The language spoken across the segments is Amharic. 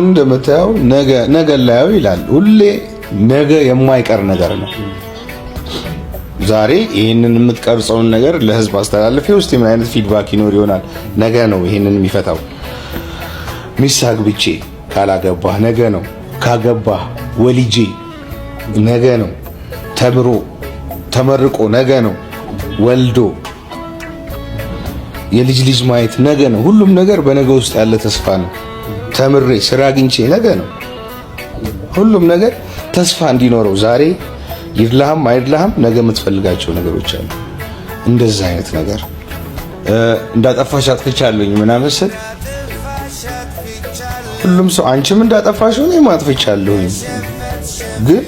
እንደምታየው ነገ ነገ ላየው ይላል። ሁሌ ነገ የማይቀር ነገር ነው። ዛሬ ይህንን የምትቀርጸውን ነገር ለህዝብ አስተላልፌ ውስጥ ምን አይነት ፊድባክ ይኖር ይሆናል? ነገ ነው ይህንን የሚፈታው። ሚስት አግብቼ ካላገባህ ነገ ነው፣ ካገባህ ወልጄ ነገ ነው፣ ተምሮ ተመርቆ ነገ ነው፣ ወልዶ የልጅ ልጅ ማየት ነገ ነው። ሁሉም ነገር በነገ ውስጥ ያለ ተስፋ ነው። ተምሬ ስራ አግኝቼ ነገ ነው ሁሉም ነገር ተስፋ እንዲኖረው። ዛሬ ይድላህም አይድላህም ነገ የምትፈልጋቸው ነገሮች አሉ። እንደዚህ አይነት ነገር እንዳጠፋሽ አጥፍቻለሁኝ ምናምን ስል ሁሉም ሰው አንቺም እንዳጠፋሽ ሆነ ማጥፍቻለሁኝ፣ ግን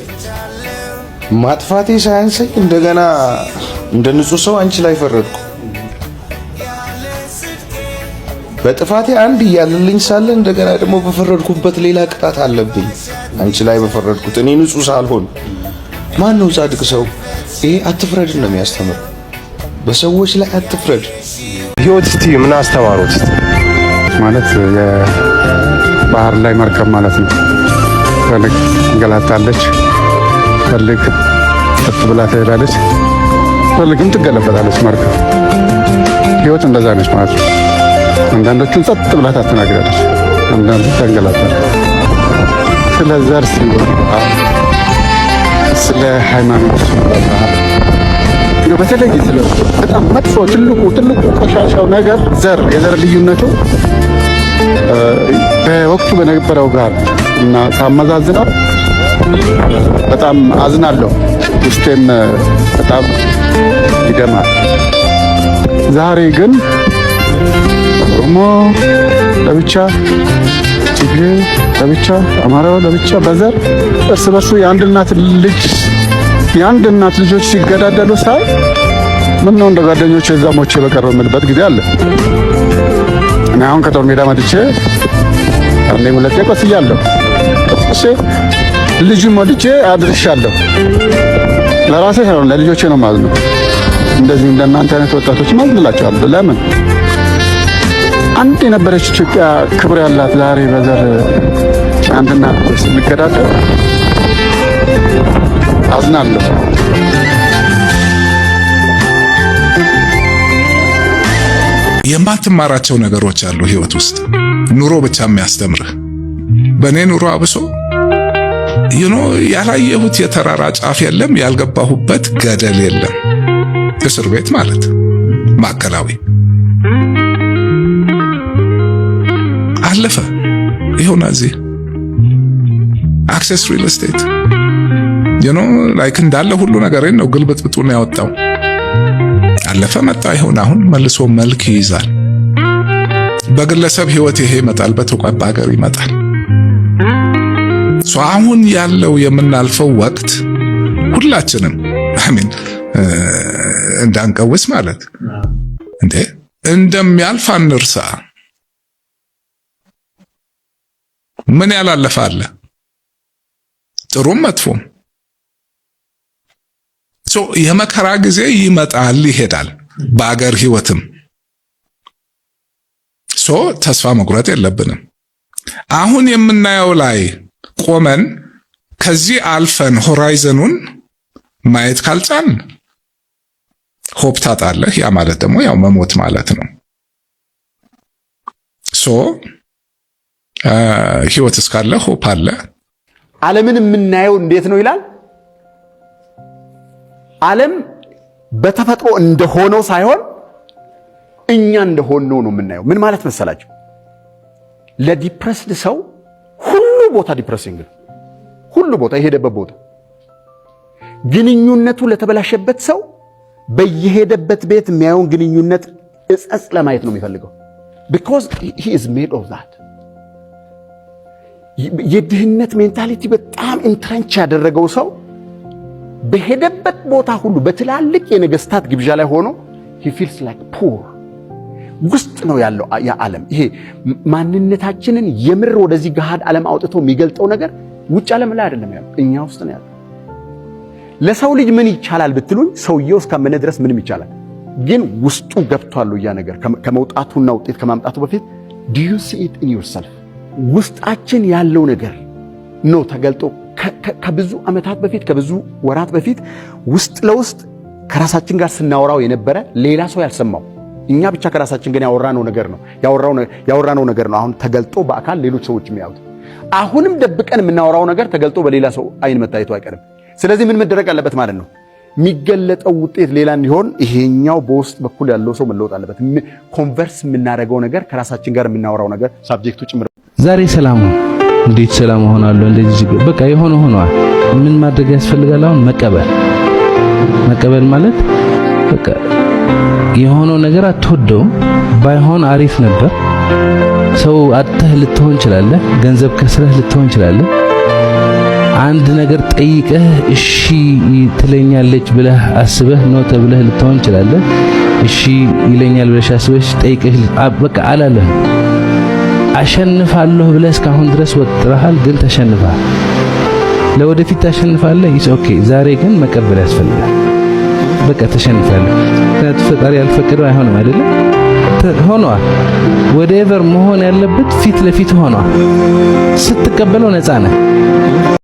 ማጥፋቴ ሳያንሰኝ እንደገና እንደ ንጹህ ሰው አንቺ ላይ ፈረድኩ። በጥፋቴ አንድ እያለልኝ ሳለ እንደገና ደግሞ በፈረድኩበት ሌላ ቅጣት አለብኝ። አንቺ ላይ በፈረድኩት እኔ ንጹህ ሳልሆን ማን ነው ጻድቅ ሰው? ይሄ አትፍረድ ነው የሚያስተምር። በሰዎች ላይ አትፍረድ። ህይወት እስቲ ምን አስተማሩት? ማለት የባህር ላይ መርከብ ማለት ነው። ፈልግ ትንገላታለች፣ ፈልግ ጥፍ ብላ ትሄዳለች፣ ፈልግም ትገለበጣለች መርከብ። ህይወት እንደዛ ነች ማለት ነው። አንዳንዶቹን ጸጥ ብላ ታስተናግዳለች፣ አንዳንዶች ታንገላታል። ስለ ዘር ሲወራ፣ ስለ ሃይማኖት ሲወራ በተለይ ስለ በጣም መጥፎ ትልቁ ትልቁ ቆሻሻው ነገር ዘር የዘር ልዩነቱ በወቅቱ በነበረው ጋር እና ሳመዛዝነው በጣም አዝናለሁ። ውስጤም በጣም ይደማል። ዛሬ ግን ኦሮሞ ለብቻ፣ ትግሬ ለብቻ፣ አማራው ለብቻ በዘር እርስ በርሱ የአንድ እናት ልጅ የአንድ እናት ልጆች ሲገዳደሉ ሳይ ምን ነው እንደ ጓደኞቼ እዛ ሞቼ በቀረው ጊዜ አለ። እኔ አሁን ከጦር ሜዳ መጥቼ አንዴ ሁለቴ ቆስያለሁ። እሺ ልጅ ሞልቼ አድርሻለሁ። ለራሴ ሳይሆን ለልጆቼ ነው ማዝነው። እንደዚህ እንደናንተ አይነት ወጣቶች ማዝንላቸዋለሁ። ለምን አንድ የነበረች ኢትዮጵያ ክብር ያላት ዛሬ በዘር አንድና ስንገዳደር አዝናለሁ። የማትማራቸው ነገሮች አሉ ህይወት ውስጥ ኑሮ ብቻ የሚያስተምርህ በእኔ ኑሮ አብሶ ይኖ ያላየሁት የተራራ ጫፍ የለም፣ ያልገባሁበት ገደል የለም። እስር ቤት ማለት ማዕከላዊ ይሆና እዚህ አክሰስ ሪል ስቴት ዩኖ ላይክ እንዳለ ሁሉ ነገሬን ነው ግልብጥ ብጡን ያወጣው። አለፈ መጣ ይሆን አሁን መልሶ መልክ ይይዛል። በግለሰብ ህይወት ይሄ ይመጣል፣ በተቋባ ሀገር ይመጣል። አሁን ያለው የምናልፈው ወቅት ሁላችንም አሚን እንዳንቀውስ ማለት እንዴ እንደሚያልፍ አንርሳ። ምን ያላለፈ አለ? ጥሩም መጥፎም። የመከራ ጊዜ ይመጣል ይሄዳል፣ በአገር ህይወትም ሶ ተስፋ መቁረጥ የለብንም። አሁን የምናየው ላይ ቆመን ከዚህ አልፈን ሆራይዘኑን ማየት ካልጫን ሆፕ ታጣለህ። ያ ማለት ደግሞ ያው መሞት ማለት ነው ሶ ህይወት እስካለ ሆፕ አለ። ዓለምን የምናየው እንዴት ነው ይላል። ዓለም በተፈጥሮ እንደሆነው ሳይሆን እኛ እንደሆነው ነው የምናየው። ምን ማለት መሰላችሁ? ለዲፕረስድ ሰው ሁሉ ቦታ ዲፕረሲንግ ነው። ሁሉ ቦታ የሄደበት ቦታ ግንኙነቱ ለተበላሸበት ሰው በየሄደበት ቤት የሚያየውን ግንኙነት እጸጽ ለማየት ነው የሚፈልገው ቢኮዝ ሂ ኢዝ ሜድ ኦፍ ዛት የድህነት ሜንታሊቲ በጣም ኢንትረንች ያደረገው ሰው በሄደበት ቦታ ሁሉ በትላልቅ የነገስታት ግብዣ ላይ ሆኖ ሂ ፊልስ ላይክ ፑር ውስጥ ነው ያለው ያ ዓለም። ይሄ ማንነታችንን የምር ወደዚህ ገሃድ ዓለም አውጥቶ የሚገልጠው ነገር ውጭ ዓለም ላይ አይደለም ያለው፣ እኛ ውስጥ ነው ያለው። ለሰው ልጅ ምን ይቻላል ብትሉኝ፣ ሰውየው እስካመነ ድረስ ምንም ይቻላል። ግን ውስጡ ገብቷል ያ ነገር ከመውጣቱና ውጤት ከማምጣቱ በፊት ዱ ዩ ሲ ኢት ኢን ዩርሰልፍ ውስጣችን ያለው ነገር ነው ተገልጦ ከብዙ ዓመታት በፊት ከብዙ ወራት በፊት ውስጥ ለውስጥ ከራሳችን ጋር ስናወራው የነበረ ሌላ ሰው ያልሰማው እኛ ብቻ ከራሳችን ግን ያወራነው ነገር ነው ያወራነው ነገር ነው። አሁን ተገልጦ በአካል ሌሎች ሰዎች የሚያዩት አሁንም ደብቀን የምናወራው ነገር ተገልጦ በሌላ ሰው አይን መታየቱ አይቀርም። ስለዚህ ምን መደረግ አለበት ማለት ነው? የሚገለጠው ውጤት ሌላ እንዲሆን ይሄኛው በውስጥ በኩል ያለው ሰው መለወጥ አለበት። ኮንቨርስ የምናደርገው ነገር ከራሳችን ጋር የምናወራው ነገር ሳብጀክቱ ጭምር ዛሬ ሰላም ነው። እንዴት ሰላም ሆናለሁ? እንደዚህ በቃ የሆነ ሆኗል። ምን ማድረግ ያስፈልጋል? አሁን መቀበል መቀበል ማለት በቃ የሆነው ነገር አትወደውም፣ ባይሆን አሪፍ ነበር። ሰው አጥተህ ልትሆን ትችላለህ፣ ገንዘብ ከስረህ ልትሆን ትችላለህ። አንድ ነገር ጠይቀህ እሺ ትለኛለች ብለህ አስበህ ነው ተብለህ ልትሆን ትችላለህ። እሺ ይለኛል ብለሽ አስበሽ ጠይቀህ በቃ አላለህ አሸንፋለሁ ብለህ እስካሁን ድረስ ወጥረሃል፣ ግን ተሸንፋ ለወደፊት ታሸንፋለህ። ይስ ኦኬ። ዛሬ ግን መቀበል ያስፈልጋል። በቃ ተሸንፋለህ። ፈጣሪ ያልፈቀደው አይሆንም አይደለ? ሆኗል። ወደኤቨር መሆን ያለበት ፊት ለፊት ሆኗል። ስትቀበለው ነፃ ነህ።